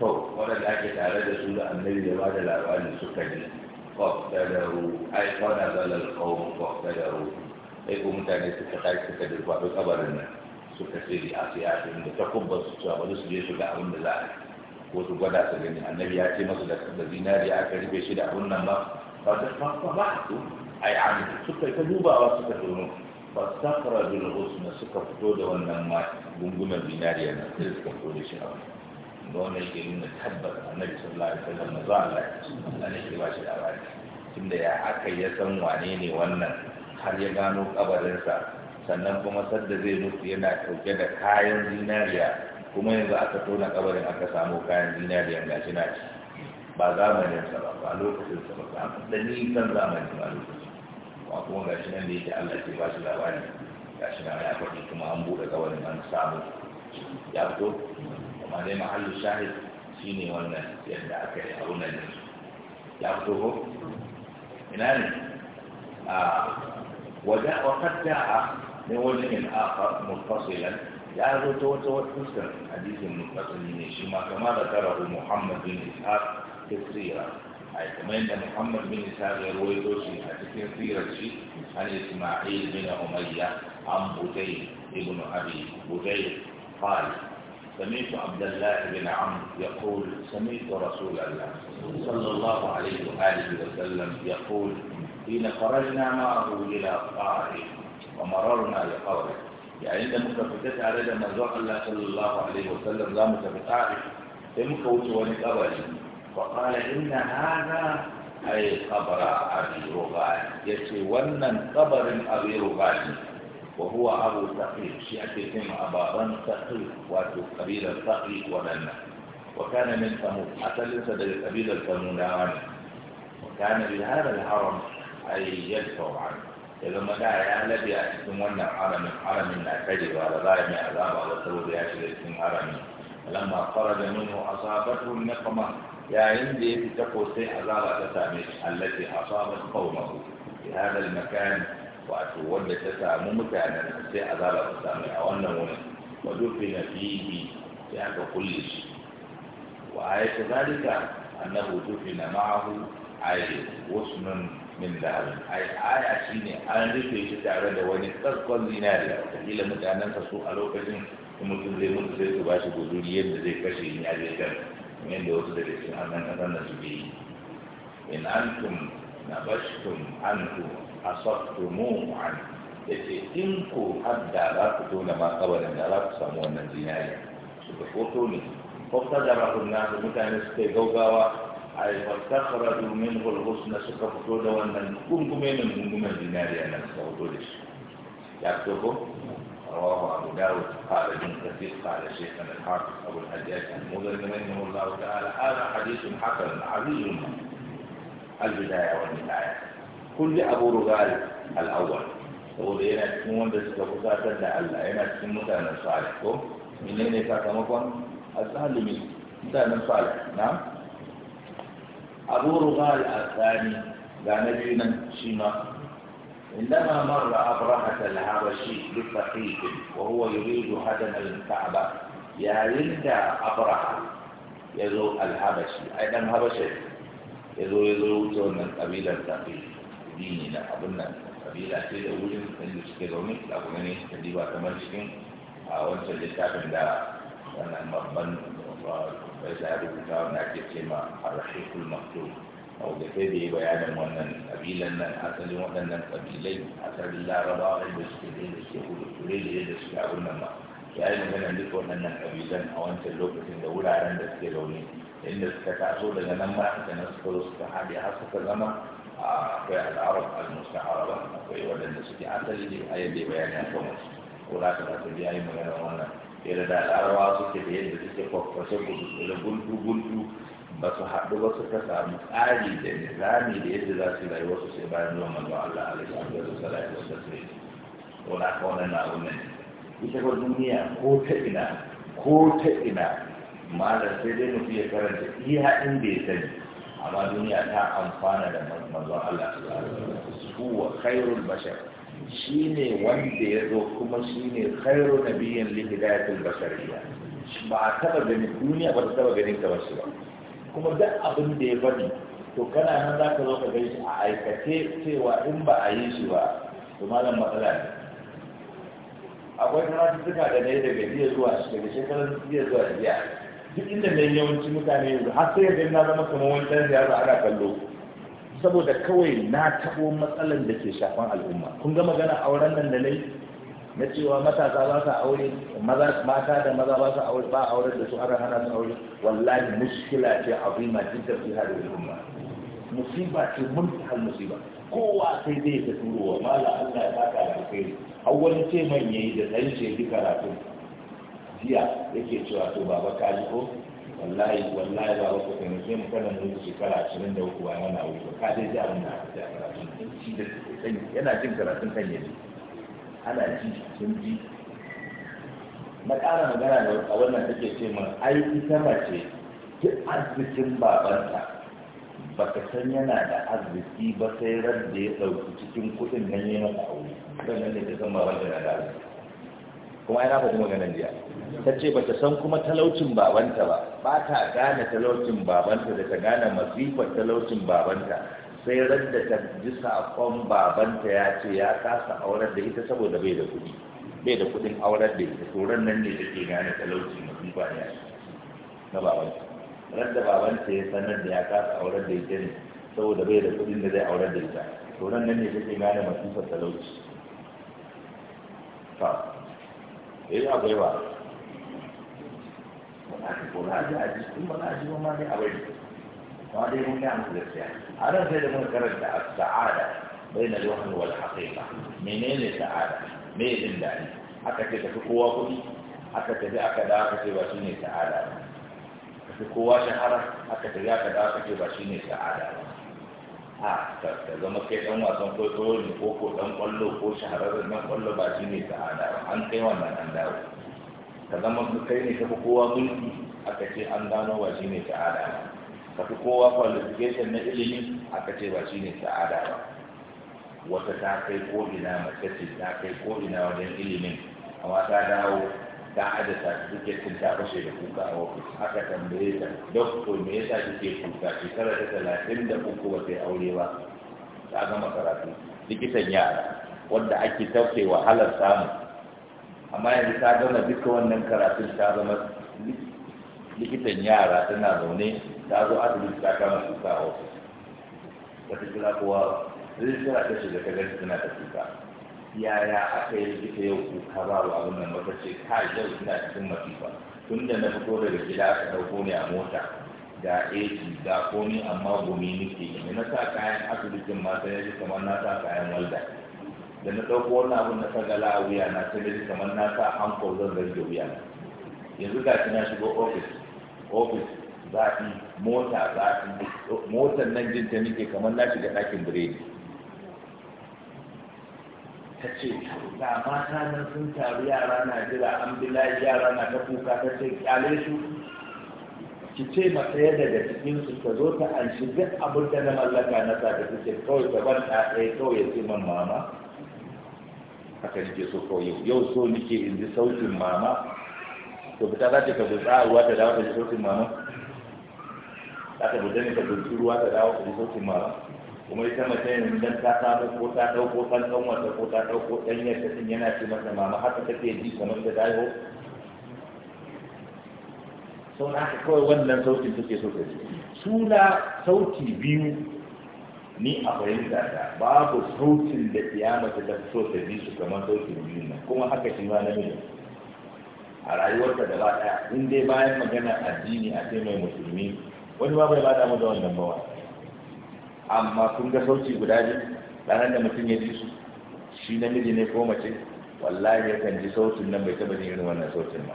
to waɗanda ake tare da su da annabi da ba da labarin suka ji kwaftaru ai kwana zalar kawon kwaftaru sai ko mutane suka tashi suka da kwaɗo kabarin nan suka ce da asiyatin da takubbar su cewa wani su je su ga abin da za a ko su gwada su gani annabi ya ce masu da zinariya aka rufe shi da abin nan ba ba ta ba su ai amin suka ta dubawa suka tono fasakara da bil husna suka fito da wannan gungunan binariya na sai suka fito da shi a wani da wannan yake nuna a nan sallallahu alaihi wasallam na za Allah Allah ne ke ba shi labari tunda ya aka ya san wane ne wannan har ya gano kabarinsa sannan kuma sadda zai mutu yana dauke da kayan zinariya kuma yanzu aka tona kabarin aka samu kayan zinariyan shi na ci ba zamaninsa ba ba lokacinsa ba ba da nisan zamanin ba lokacin ba kuma ga shi nan da yake Allah ke ba shi labari ga shi nan ya faɗi kuma an buɗe wani man samu ya fito amma dai mahallu shahid shine wannan yadda aka yi abun nan ya fito ko ina ne a wajen wakar da'a ne wajen al'afa mutfasilan ya zo ta wata wata fuskar hadisin mutfasili ne shi ma kama da karahu muhammad bin ishaq tasira أتمنى محمد بن إسحاق يروي دوشي حديث سيرة شيء عن إسماعيل بن أمية عن بوتيل ابن أبي بوتيل قال سمعت عبد الله بن عمرو يقول سمعت رسول الله صلى الله عليه وآله وسلم يقول حين خرجنا معه إلى طائف ومررنا بقوله يعني عند تفتت على مزاق الله صلى الله عليه وسلم لا متفت أعرف sai muka فقال إن هذا أي قبر أبي رغان يسيون من قبر أبي رغان وهو أبو ثقيل شيعتهم أبابا ثقيل وأتو قبيل الثقيل ونن وكان من ثمود حتى سدل قبيل الثمودان يعني. وكان بهذا الهرم أي يدفع عنه إذا ما دعا يا الذي أتكم حرم حرم لا تجد على ظالم عذاب على سبب يأتي لكم حرم لما خرج منه أصابته النقمة يا عندي بتقوسي حزارة تسامح التي أصابت قومه في هذا المكان وأتود تسامح كان نفسي حزارة تسامح وأنه ودفن فيه ذات كل شيء وآية ذلك أنه دفن معه آية غصن من ذهب آية آية أشيني أنا في تعرض ونستقى الزنار إلى متى أنت سوء لو كشن تباشر بدون يد زي يعني كشن kamar da wasu daga cikin annan ƙasar da suke yi in antum na bashtum anhu asabtumu an yace in ko hadda za ku tona ma kabarin da za ku samu wannan zinari suka foto ne kwafta da rahun su mutane suka yi gaugawa a yi fastakara domin hulhus na suka fito da wannan gungume ne gungumen zinari a nan suka fito da shi ya fito ko رواه أبو داود قال ابن كثير قال شيخ من الحافظ أبو الحجاج المدرك منه الله تعالى هذا حديث حسن عزيز البداية والنهاية كل أبو رغال الأول يقول إنا تكون بس كفوسا تدى ألا تكون مثلا صالح من أين يتعلمكم أسهل لمين مثلا صالح نعم أبو رغال الثاني لا نجينا شيئا إنما مر أبرهة الهرشي بفقيه وهو يريد هدم الكعبة يا يلد أبرهة يزو الهبشي أيضا هبشي يزو يزو تونا قبيلة فقيه ديننا أبنا قبيلة كده وجن اللي سكروني أبو مني تديبا تمرشكين وانسى اللي تابن دا وانا مبن وفاق فإذا هدو كتاب ناكي تيما الرحيق المقتول a da sai da ya bayanin wannan kabilan nan asalin waɗannan kabilai asalin larabawa da suke da yadda suke kudu ture da yadda suke abin nan ba ya yi magana duk waɗannan kabilan a wancan lokacin da wuraren da suke zaune inda suka taso daga nan ma da nan suka zo suka haɗe har suka zama akwai al'arab al-mustaharaba akwai waɗanda suke asali ne a yadda ya bayani a kan wasu ko za ka za ka biya yi magana wannan yadda da al'arawa suke da yadda suke kwakwashe gudu da guntu-guntu ba su haɗu ba suka samu tsari da nizami da yadda za su rayu wasu sai bayan zuwa manzo Allah alaihi wa sallam da sallam to na ka wannan na wannan ita ko duniya ko ta ina ko ta ina malam sai dai mutum ya karanta iya da, ya sani amma duniya ta amfana da manzo Allah alaihi wa sallam huwa khairul bashar shine wanda ya zo kuma shi ne khairu nabiyyin li hidayatul bashariyya ba a taba ganin duniya ba ta taba ganin ta ba ba kuma duk abin da ya bani to kana nan za ka zo ka gani a aikace cewa in ba a yi shi ba to malam matsala ne akwai karatuttuka da na yi daga jiya zuwa daga shekarar jiya zuwa jiya duk inda na yi yawanci mutane yanzu har sai da na zama kamar wani ɗan siyasa ana kallo saboda kawai na taɓo matsalan da ke shafan al'umma kun ga magana auren nan da nai na cewa matasa ba sa aure mata da maza ba sa aure ba aure da su har hana su aure wallahi mushkila ce azima jidda fi hadhihi al-umma musiba ce hal musiba kowa sai zai ta turowa mala Allah ya baka da alkhairi awwalin ce man yayi da dan ce duka karatu jiya yake cewa to baba kaji ko wallahi wallahi ba wasu taimake mu kada mu wuce shekara ashirin da uku bayan wani abu ka dai ji abin da aka ji a karatun yana jin karatun kan yanzu ana ji sun ji na ƙara magana da a wannan take ce min ai ita mace ta arzikin babanta ba ka san yana da arziki ba sai ran da ya ɗauki cikin kuɗin nan ya mata aure sannan ne ta san babanta na da arziki kuma ai na faɗi ganin jiya ta ce bata san kuma talaucin babanta ba ba ta gane talaucin babanta da ta gane masifar talaucin babanta sai radda ta ji saƙon babanta ya ce ya kasa aurar da ita saboda bai da kuɗi bai da kuɗin aurar da ita turan nan ne take gane talaucin masifa ce na babanta radda babanta ya sanar da ya kasa aurar da ita ne saboda bai da kuɗin da zai aurar da ita turan nan ne take gane masifar talauci eh akwai ba ko na ji a jikin ba na ji ma dai abai ma dai mun ga musu gaskiya a ran sai da mun karanta as-sa'ada aka ce ka kowa kuɗi aka tafi aka da aka ce ba shi ne sa'ada ba ka kowa shahara aka tafi aka da aka ce ba shi ne sa'ada ba a ka zama kai dan wasan kwaikwayo ne ko ko dan kwallo ko shahararren dan kwallo ba shi ne ta ba an kai wannan an dawo ka zama kai ne tafi kowa mulki aka ce an gano ba shi ne sa'ada ba ka kowa qualification na ilimi aka ce ba shi ne sa'ada ba wata ta kai ko ina mace ce ta kai ko ina wajen ilimin amma ta dawo ta adata suke tun ta fashe da kuka a ofis aka tambaye ta doktor me yasa kike kuka shekara ta talatin da uku ba sai aure ba ta gama karatu likitan yara wanda ake tauke wahalar samu amma yanzu ta gama duka wannan karatun ta zama likitan yara tana zaune ta zo asibiti ta kama kuka a ofis wata kila kowa zai kira ta shiga ta gaji tana ta kuka yaya aka yi ita yau ka ba wa abin nan ba ce ka yau ina cikin matifa tun da na fito daga gida aka ɗauko ne a mota ga ac ga komi amma gumi nake ne na sa kayan asibitin ma sai ji kamar na sa kayan walda da na ɗauko wani abin na sagala a wuya na sai ji kamar na sa hankol zan zarge wuya yanzu ga shi na shigo ofis ofis zafi mota zafi motar nan jinta nake kamar na shiga ɗakin biredi ta ce ga mata nan sun taru yara na jira an bi layi yara na ta kuka ta ce kyale su ki ce ma yadda daga cikin su ta zo ta an shiga duk abin da na mallaka na sa da ce kawai ta ban ta ɗaya kawai ya ce man mama haka nake so kawai yau yau so nike in ji sautin mama to fita za ta ka bi tsaruwa ta dawo ta ji sautin mama za ta bi dani ka bi ruwa ta dawo ta ji sautin mama kuma ita mace ne dan ta samu ko ta dauko tsantsan wata ko ta dauko ɗanyar ta tin yana ce masa mama haka take ji kamar da ho So na haka kawai wannan sautin take so ta ji suna sauti biyu ni a fahimta ta babu sautin da kiyama ta so ta ji su kamar sautin biyu nan kuma haka shi ma namiji a rayuwarta da ba ta in dai bayan magana addini a sai mai musulmi wani babu bai ba mu da wannan bawa amma kun ga sauci guda biyu ranar da mutum ya ji su shi namiji ne ko mace wallahi kan ji sautin nan bai taba jin irin wannan sautin ba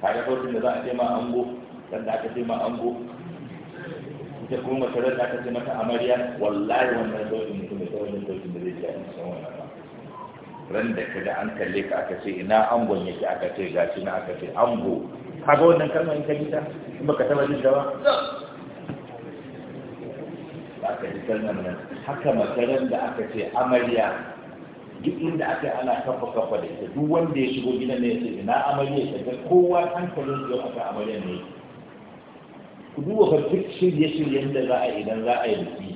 kaga sautin da za a ce ma ango dan da aka ce ma ango ita kuma mace da aka ce mata amarya wallahi wannan sautin mutum bai taba jin sautin da zai ji a cikin wannan ba ran da kaga an kalle ka aka ce ina angon yake aka ce gashi na aka ce ango kaga wannan kalmar in ka ji ta in baka taba jin ta ba aka yi nan haka masarar da aka ce amarya duk inda aka yi ana kafa kafa da ita duk wanda ya shigo gina ne ya ce ina amarya ta ga kowa hankalin su aka amarya ne ku duba ka duk shirye-shiryen da za a yi idan za a yi biki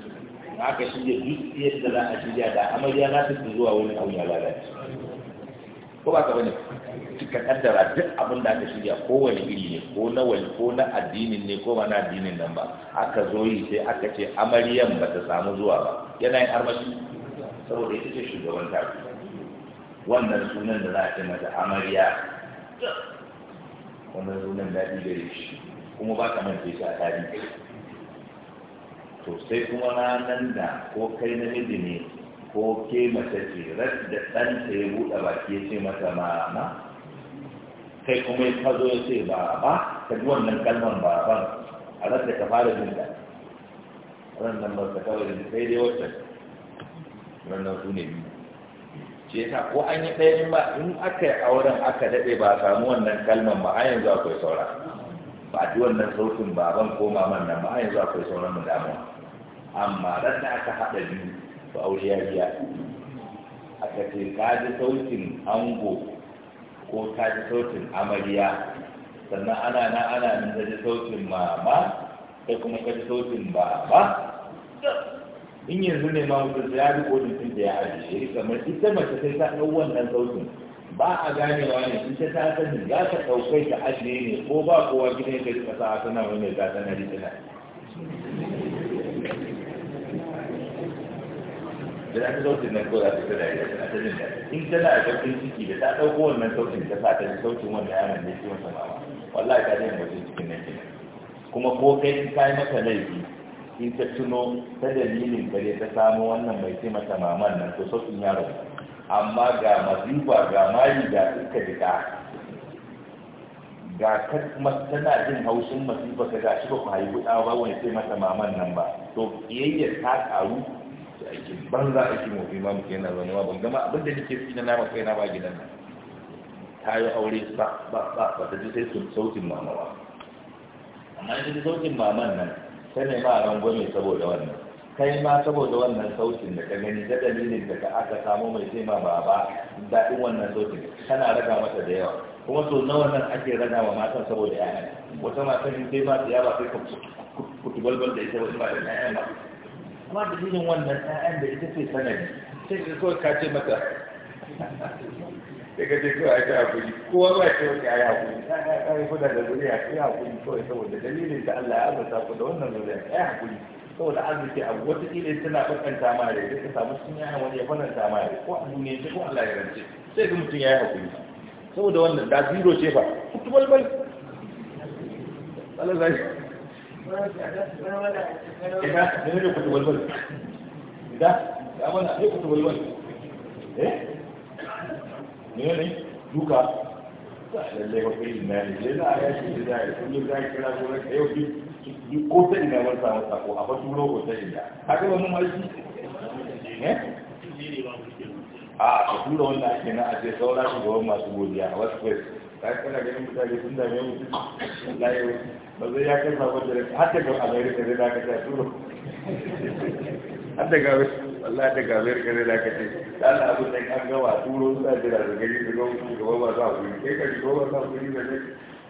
aka shirya duk yadda za a shirya da amarya za ta zuwa wani abu ya lalace ko ba ka bane ka kaddara duk abin da aka shirya wani iri ne ko na wani ko na addinin ne ko ba na addinin nan ba aka zo yi sai aka ce amaryan ba ta samu zuwa ba yana yin armashi saboda ita ce shugaban tafi wannan sunan da za a ce mata amarya wannan sunan da daɗi gare shi kuma ba ka mance shi a tarihi to sai kuma ranar da ko kai namiji ne ko ke mata ce ras da ta ya buɗe baki ya ce mata mama kai kuma ya zo ya ce baba ka ji wannan kalmar baban a ras da ka fara jin da ran nan ba ta kawai da sai dai wacce ran nan su ne biyu ce ta ko an yi ɗaya ba in aka yi auren aka daɗe ba a samu wannan kalmar ba a yanzu akwai saura ba a ji wannan sautin baban ko maman nan ba a yanzu akwai sauran mu damuwa amma ran da aka haɗa biyu Ba a ya biya aka ce ka ji sautin ango ko ka ji sautin amarya sannan ana na ana nan ta ji sautin mama sai kuma ka ji sautin baba in yanzu ne ma mutum sai ya bi kodin tun da ya aji. yi kamar ita mace sai ta ɗau wannan sautin ba a ganewa ne ita ta sani za ta ɗaukai ta ajiye ne ko ba kowa gidan ka ka ƙasa a sana wani ta sanar da da nan ko za ta dariya tana ta jin daɗi in tana da ciki da ta ɗauko wannan sautin ta sa ta sautin wannan yaron da masa mama wallahi ta jin cikin nan kenan kuma ko kai ka yi mata laifi in ta tuno ta dalilin bare ta samu wannan mai ce mata maman nan to sautin yaron amma ga maziba ga mari ga iska jika ga kuma tana jin haushin masifa ka gashi ba ku haihu ɗawa wani sai mata maman nan ba to kiyayyar ta ƙaru aikin banza ake mafi ma muke yana zaune ma ban gama abin da nake fi na nama kai na ba gidan nan ta yi aure ba ba ba ba ta ji sai su sautin mama ba amma in ji sautin maman nan sai ne ma rangwame saboda wannan kai ma saboda wannan sautin da ka gani da dalilin da ka aka samu mai tema ba ba daɗin wannan sautin kana raga mata da yawa kuma so nawa nan ake raga wa matan saboda 'ya'ya wata matan in kai ma su yaba sai ka kutubalbal da ita wani ba da 'ya'ya ba kuma dalilin wannan ƴaƴan da ita ce sanadi sai ka kawai ka ce mata sai ka ce kawai a ta hakuri kowa ba ce wata ya hakuri ya yi kuda da zuriya ya hakuri kawai saboda dalilin da Allah ya azurta ku da wannan zuriya ya hakuri saboda arziki abu wata kila tana bakanta ma da ya samu sun yayan wani ya bakanta ma da ko abu ne ko Allah ya rance sai ga mutum ya yi hakuri saboda wannan da zero ce fa kutubal bai Allah zai da ne kuta da da ne ne ne duka lalle ba kai ina ne ne da a yashi da za a yi kullum kira gurin ka yau duk ko ta ina wani samu sako a fasu ko ta ina haka ba mun marki ne a a tura wannan ake na a ce saura shugaban masu godiya a wasu kwai ta kana ganin mutane sun ne mutum layewa ba zai ya kai sabon jirage har daga amerika zai da aka ce turo har daga wallah daga amerika zai da aka ce da ana abu da an gawa turo sa jira da gari da gawa su gaba ba za ku yi kai ka shugaba ba za ku yi da ne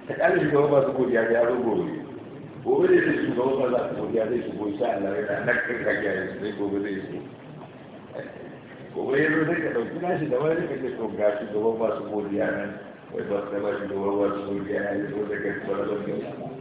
ta kala shugaba ba su godiya da yaro gobe gobe da shi shugaba ba za su godiya zai shigo sha Allah ya da nan kan kage ya su zai gobe zai shi gobe ya zo zai ka dauki nashi da wani ka ce to ga shugaba ba su godiya nan wai ba su da ba shugaba ba su godiya ya zo daga kuma da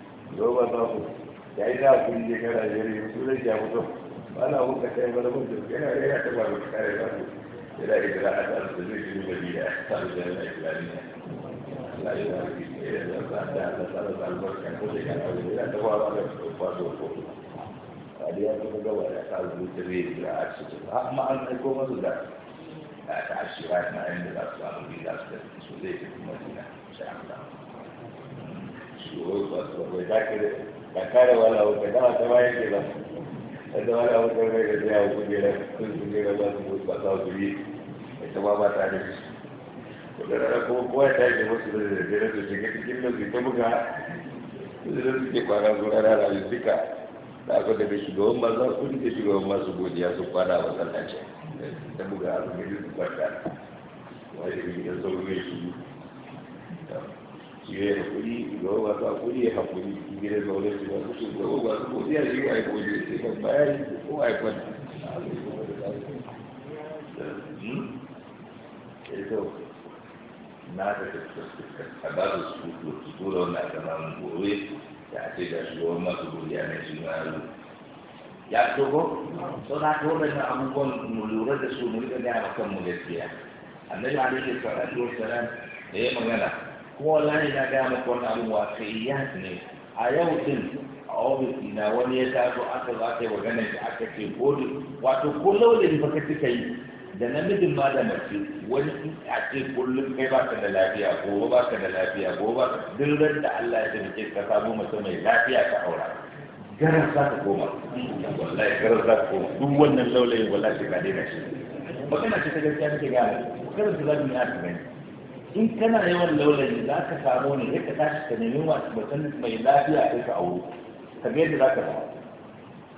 yau ba za ku ya yi za ku je kana jere su zai ya mutu ba na muka kai ba da mutu yana da ya taba da kare ba ku yana da da aka da zai yi da biya ta da da islami Allah ya yi da da da da da da albarka ko da kana da da ba ba da ba da ko a da ya kuma ga wani ta zuwa da da a cikin amma an kai ko masu da ta ashira na inda za su samu bi da su zai kuma dina insha Allah kakare wala da wala da da kuma kowa ya tashi musu da zai su shiga cikin nan da da da da da ya yi hakuri ga wa su ya hakuri gida da wani su wasu su ga su kodi ya yi wa ya kodi sai kan bayani ko a yi kwanta hmm? na ta a ba su su su tura wannan kamar gobe da a ce ga shugaban masu godiya na shi na ya dogo sau na ta waɗannan abubuwan mu lura da su mu riƙa a wa kanmu gaskiya annabi alaihi salatu wassalam da ya magana kuma wallahi na gaya muku wani abin waƙi'iyat ne a yau din a ofisi na wani ya taso aka za ka yi magana da aka ce gode wato ko laulin baka suka yi da namijin ma da mace wani a ce kullum kai ba ka da lafiya gobe ba ka da lafiya gobe ba duk da Allah ya taimake ka samu mace mai lafiya ka aura garar za ta koma wallahi garar za ta koma duk wannan laulayin wallahi ka daina shi magana ce ta gaskiya take gane maganar ta zamu yi a gani in kana yawan laulayi za ka samu ne ya ka tashi ka nemi mutum mai lafiya kai ka aure ka ga yadda za ka zama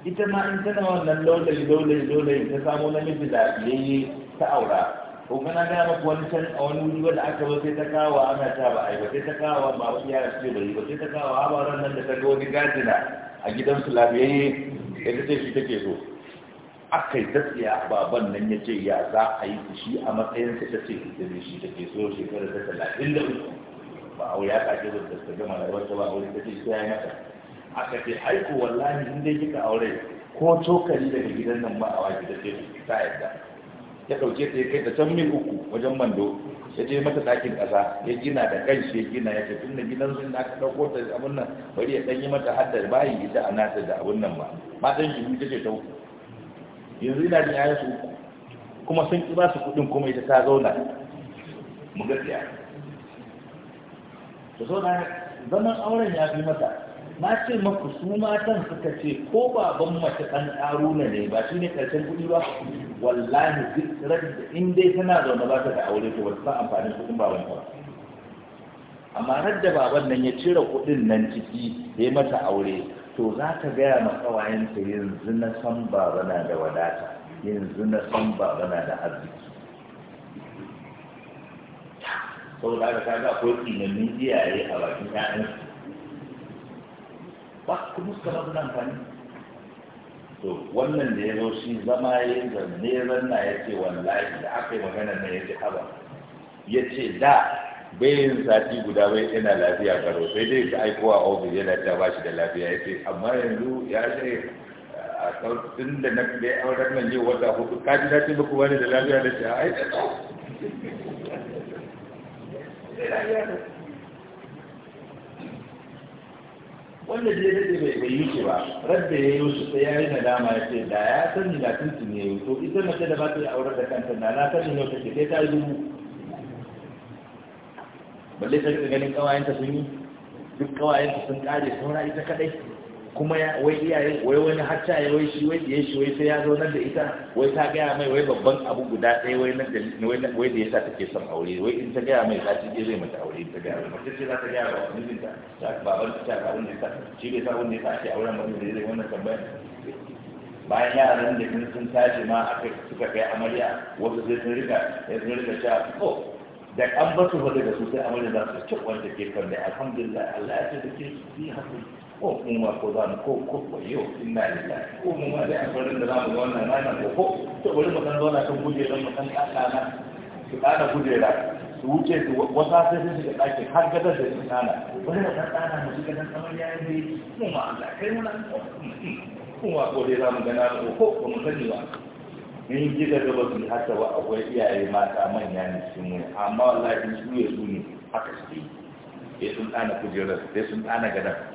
ita ma in tana wannan laulayi laulayi laulayi ta samu namiji lafiyayye ta aura ko kana ga maka wani can a wani wuri wanda aka zo sai ta kawo ana ta ba ai ba sai ta kawo ba wasu yara su bai ba sai ta kawo a ba nan da ta ga wani a gidansu lafiyayye ita ce shi take so aka yi tatsiya baban nan ya ce ya za a yi shi a matsayinsa ta ce ita ne shi take so shekarar ta talatin da uku ba a wuya kace da ta gama da wata ba aure ta ce sai ya mata aka ce aiko wallahi in dai kika aure ko cokali daga gidan nan ba a waje da ce ta yadda ya dauke ta ya kai da can mil uku wajen mando ya je mata ɗakin ƙasa ya gina da kan shi ya gina ya ce tunda gidan sun da aka ɗauko ta abin nan bari ya ɗan yi mata haddar bayan ita a nata da abin nan ba matan shi ta ce ta uku yanzu ina jin yayin kuma sun ki ba su kuɗin kuma ita ta zauna mu gaskiya to so na zaman auren ya fi mata na ce maku su matan suka ce ko baban mace ɗan na ne ba shi ne ƙarshen kuɗi ba wallahi duk rabbi in dai tana zaune ba ta da aure to wasu amfanin kuɗin baban ta amma har da baban nan ya cire kuɗin nan ciki ya mata aure to za ta gaya ma ƙawayenta yanzu na san ba na da wadata yanzu na san ba na da arziki sau da ka ga akwai ƙinamin iyaye a bakin ƴaƴansu ba kuma suka ba amfani to wannan da ya zo shi zama ya yi zanne ranna ya ce wallahi da aka yi magana na ya ce haba ya ce da bai sati guda bai yana lafiya garo sai dai ga aiko a ofis yana ta ba shi da lafiya ya ce amma yanzu ya ce a tun da na da ya auren nan yi wata hudu ka ta ce ba kuma ne da lafiya da ce a da wanda je da bai bai yi ba radda ya yi su sai ya yi nadama ya ce da ya sani da tuntun ya yi to ita mace da ba ta yi auren da kanta na na sani yau take sai ta yi dubu balle sai rika ganin kawayenta sun yi duk kawayenta sun kare saura ita kadai kuma wai iyaye wai wani hacca ya wai shi wai diye shi wai sai ya zo nan da ita wai ta gaya mai wai babban abu guda ɗaya wai nan da wai da yasa take son aure wai in ta gaya mai za ta zai mata aure ta gaya mai mace ce za ta gaya wa mijinta ta baban ta ta wanda ta shi bai sa wanda ya sa auren ba da zai wannan tambayar bayan yaran da in sun tashi ma aka suka kai amarya wasu sai sun riga sai sun riga cewa ko oh, da ƙabbatu wadda da su sai abin da su ci wanda ke kan da alhamdulillah Allah ya ce da ke su yi hakuri ko mu ma ko za mu ko ko ko yau inna lillahi ko mu ma da abin da za mu na rana ko ko to bari mu san zauna kan guje don mu san kana su guje da su wuce su wasa sai su shiga ɗakin har gada da su kana bari mu san mu shiga nan kamar yayin da mu ma Allah kai mun nan ko kuma ko dai za mu gana ko ko mun sani ba ni ji da ba su haka ba akwai iyaye mata manya ne su mu amma wallahi su ya su ne haka su yi ya sun tsana kujerar ya sun tsana gada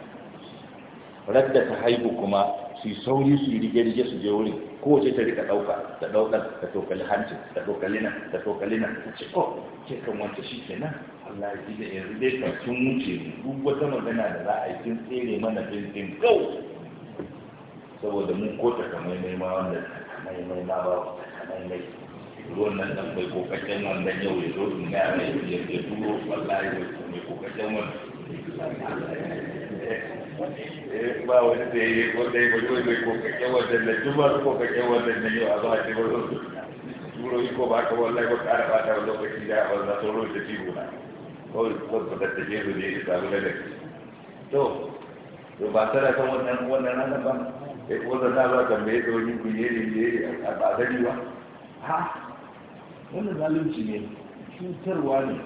radda ta haihu kuma su sauri su yi rige-rige su je wurin kowace ta rika ɗauka ta ɗaukar ta tokali hanci ta tokali nan ta tokali nan ta ce ko oh, ke kan wanta shi ke nan Allah ya da yanzu dai ka sun wuce duk wata magana da za a yi sun tsere mana din din kau saboda mun kota kamar ma wannan mai mai na ba mai mai ruwan nan nan mai kokacin wannan yau ya in ga mai ya ya duro wallahi mai kokacin wannan eh, ba wani da ya yi wanda ya bari mai kokacin wannan na juma kokacin wannan na a zuwa ce wani duro yi ko ba ka wallahi ba ƙara ɓata wani lokaci da a banza sauran da ciwo na Ko kawai ba ta je ne ya samu lalata to ba tara kan wannan wannan ranar ba eh wannan na ba tambaye da wani kuye ne ne a ba gani ba ha wannan zalunci ne cutarwa ne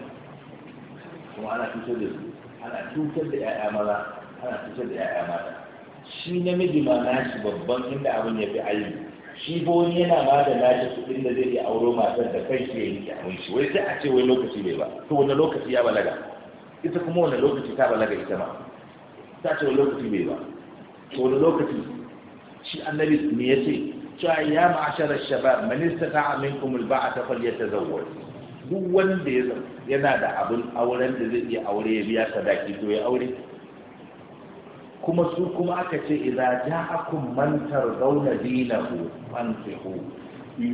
kuma ana cutar da su ana cutar da 'ya'ya maza ana cutar da 'ya'ya mata shi namiji ma nashi babban inda abin ya fi ayi shi ba wani yana ma da nashi kuɗin da zai iya auro matar da kai shi ya yi abin shi wai sai a ce wai lokaci bai ba to wani lokaci ya balaga ita kuma wani lokaci ta balaga ita ma ta ce wani lokaci bai ba to wani lokaci shi annabi me yace cewa ya ma'ashara shabab man istata'a minkum alba'ata falyatazawwaj duk wanda yana da abin auren da zai iya aure ya biya sadaki to ya aure kuma su kuma aka ce idza mantar zauna tarzawna dinahu fansihu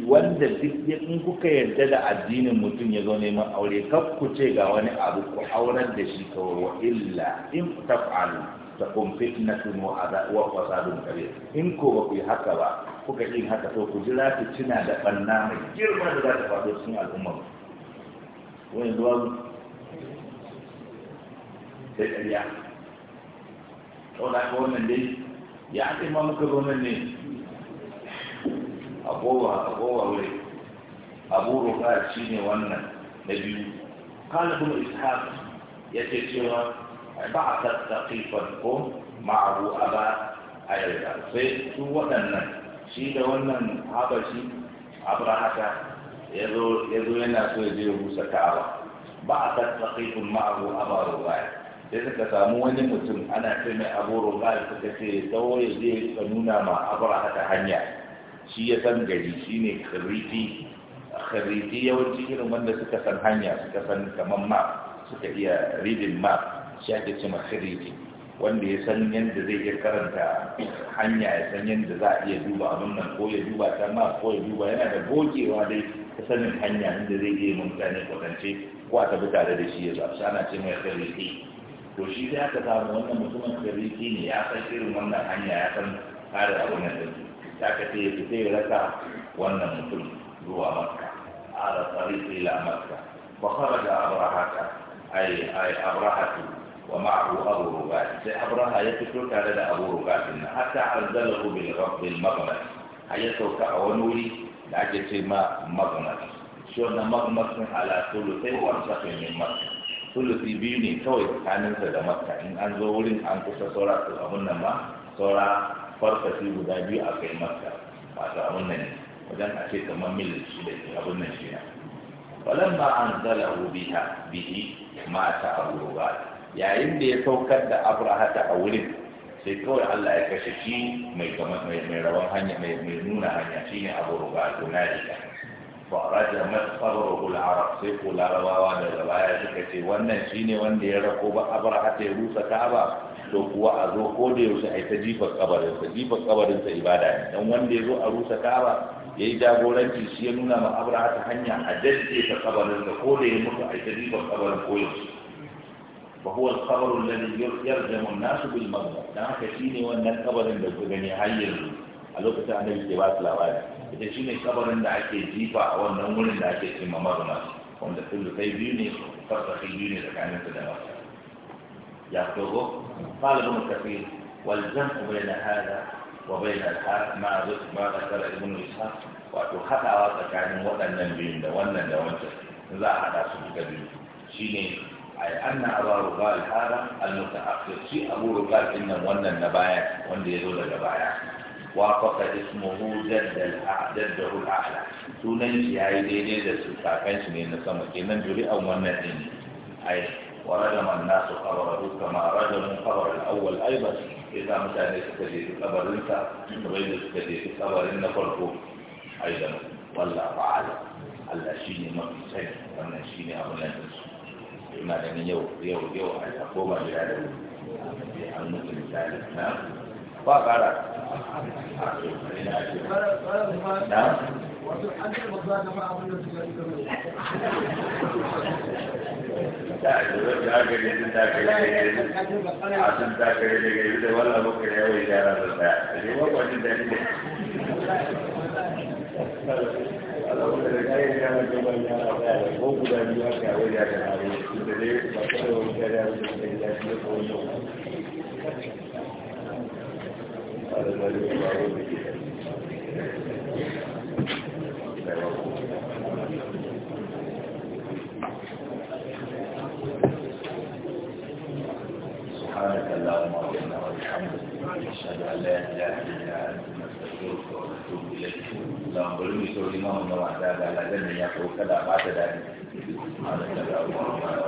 wanda duk in kuka yarda da addinin mutum ya zo neman aure kar ku ce ga wani abu ku aurar da shi kawai wa illa in taf'alu takum fitnatun wa wa fasadun kabir in ko ba ku yi haka ba kuka yi haka to ku jira ku tuna da banna mai girma da za ta faɗo cikin al'umma wani zuwa sai ƙarya to da ka wannan dai ya ce ma muka zo nan ne agowa agowa wai abu ruka shi ne wannan na biyu kana kuma ishaq ce cewa بعث ثقيفا قوم معه أبا أيضا سيسو ودنا شيد ونن yazo yana so ya سيدي موسى كعبة بعث ثقيف معه أبا رواية sai suka samu wani mutum ana ce mai abu rugal suka ce tsawo ya je ka nuna ma abraha hanya shi ya san gari shi ne karifi yawanci irin wanda suka san hanya suka san kamar map suka iya reading map shi ake ce wanda ya san yadda zai iya karanta hanya ya san yadda za a iya duba abin nan ko ya duba ta ma ko ya duba yana da gogewa dai ta sanin hanya inda zai iya mun mutane kwatance ko a tafi tare da shi ya zo shi ana ce mai sarriki to shi za aka samu wannan mutumin sarriki ne ya san irin wannan hanya ya san kare abin nan din ya ka ce ya fita ya rasa wannan mutum zuwa makka da tsari ila makka fa kharaja abrahata ay ay abrahatu wa ma'ahu abu rubat sai abraha ya fito tare da abu rubat din hatta arzalahu bil rabbil maghnat har ya sauka a wani wuri da ake ce ma maghnat shi wannan maghnat sun ala sulusai wa safin min makka sulusi biyu ne kawai sa da makka in an zo wurin an kusa saura su abun nan ma saura farfasi guda biyu a kai makka wato abun nan ne wajen a ce kamar mil shi da abun nan shi na falamma an zala biha bihi mata abu rubat yayin da ya saukar da ta a wurin sai kawai Allah ya kashe shi mai rawan hanya mai nuna hanya shi ne abu ruba tunarika faraja masfarar arab sai ko larabawa daga baya suka ce wannan shi ne wanda ya rako ba ta ya rusa kaba, to kuwa a zo ko da yaushe a yi ta jifar kabarinsa jifar kabarinsa ibada ne don wanda ya zo a rusa ba ya yi jagoranci shi ya nuna ma ta hanya a ta kabarinsa ko da ya mutu a yi ta jifar kabarin ko yaushe وهو الخبر الذي يرجم الناس بالمغرب dan haka shine wannan kabarin da kuka gani har yanzu a lokacin annabi ke ba su labari ita shine kabarin da ake jifa a wannan wurin da ake cimma maruna wanda kullu kai biyu ne farka kai biyu ne tsakanin da masa ya dogo qala ibn kathir wal jam'u bayna hada wa bayna al-har ma ma qala ibn ishaq wato haɗawa tsakanin waɗannan biyun da wannan da wancan za hada su duka biyu shine ay anna aba rugal hada al mutaakhir shi abu rugal inna wannan na baya wanda yazo daga baya wa faqa ismuhu jaddal a'daddahu al'ala sunan shi yayi daidai da su kakan shi ne na sama kenan duri au wannan din ay warajam an nasu qararu kama rajam qarar al awwal ayda idan mutane suka je su kabarin sa su bai da suka je su kabarin na farko ayda wallahu a'lam Allah shine mafi sai wannan shine abun da su ina ganin yau yau yau a ta koma gida da wuri an mutu misali na ba kara na sun takare daga yi da wallah muka yawon gyara da ta yi wakwanin da ne Allah da kai ya ga bayan ya ko guda biyu aka yi da ta سبحانك اللهم ربنا والحمد أشهد أن لا إله إلا أنت نستغفرك ونتوب إليك اللهم بل مسلمين وعذاب على ذنب يقول كذا بعد ذلك سبحانك اللهم